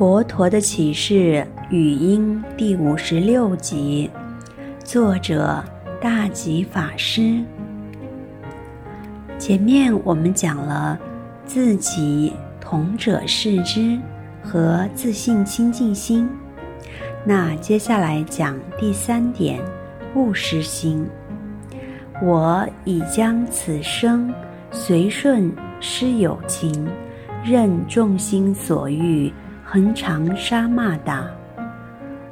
佛陀的啟示語音第五十六集，作者大寂法師。前面我們講了自己同者視之和自信親近心，那接下來講第三點，勿失心。我已將此生隨順施有情，任眾心所欲。恆常殺罵打，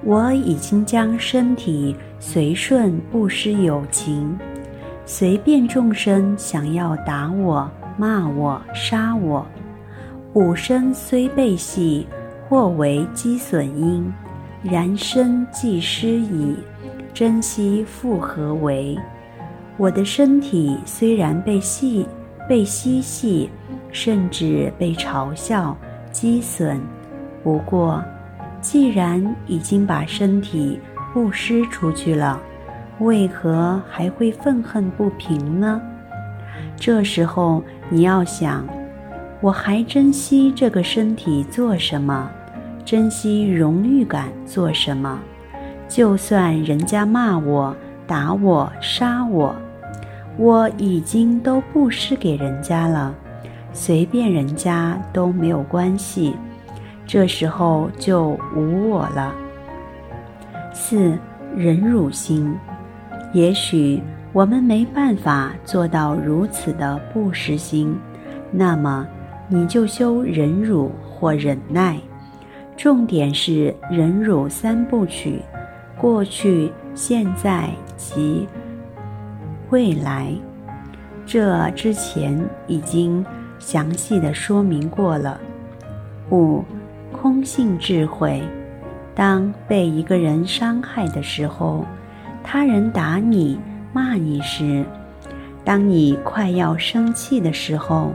我已經將身體隨順不失有情。隨便眾生想要打我、罵我、殺我，吾身雖被戲，或為譏損因，然身既失矣，珍惜復何為？我的身體雖然被戲、被嬉戲，甚至被嘲笑、譏損。不過，既然已經把身體布施出去了，為何還會憤恨不平呢？這時候你要想，我還珍惜這個身體做什麼？珍惜榮譽感做什麼？就算人家罵我、打我、殺我，我已經都布施給人家了，隨便人家都沒有關係。這時候就無我了。四、忍辱心，也許我們沒辦法做到如此的不實心，那麼你就修忍辱或忍耐。重點是忍辱三部曲：過去、現在及未來。這之前已經詳細的說明過了。五。空性智慧。當被一個人傷害的時候，他人打你、罵你時，當你快要生氣的時候，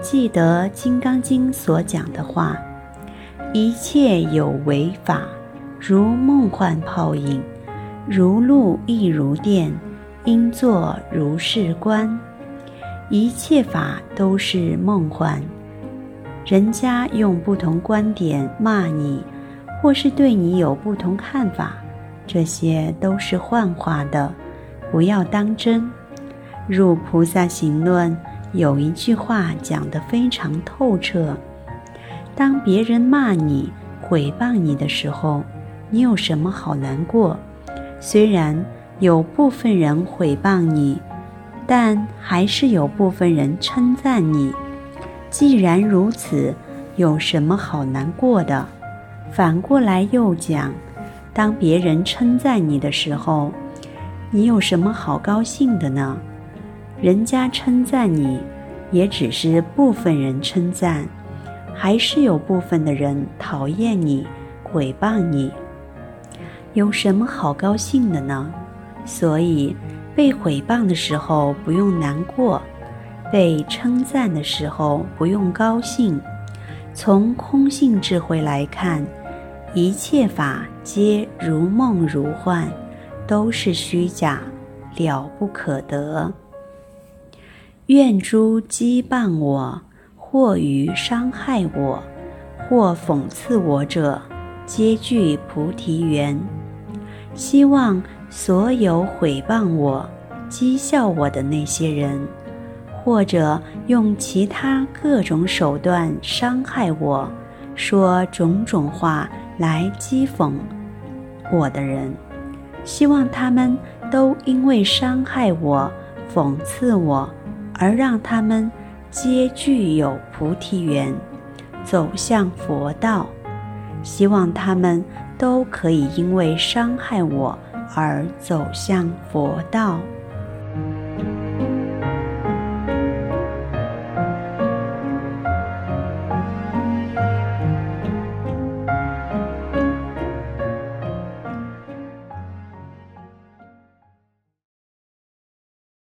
記得《金剛經》所講的話：一切有為法，如夢幻泡影，如露亦如電，應作如是觀。一切法都是夢幻。人家用不同觀點罵你，或是對你有不同看法，這些都是幻化的，不要當真。《入菩薩行論》有一句話講得非常透徹：當別人罵你、毀謗你的時候，你有什麼好難過？雖然有部分人毀謗你，但還是有部分人稱讚你。既然如此，有什麼好難過的？反過來又講，當別人稱讚你的時候，你有什麼好高興的呢？人家稱讚你，也只是部分人稱讚，還是有部分的人討厭你、毀謗你。有什麼好高興的呢？所以，被毀謗的時候不用難過。被稱讚的時候不用高興。從空性智慧來看，一切法皆如夢如幻，都是虛假，了不可得。願諸誹謗我、或於傷害我、或諷刺我者，皆具菩提緣。希望所有毀謗我、譏笑我的那些人。或者用其他各種手段傷害我，說種種話來譏諷我的人，希望他們都因為傷害我、諷刺我，而讓他們皆具有菩提緣，走向佛道。希望他們都可以因為傷害我而走向佛道。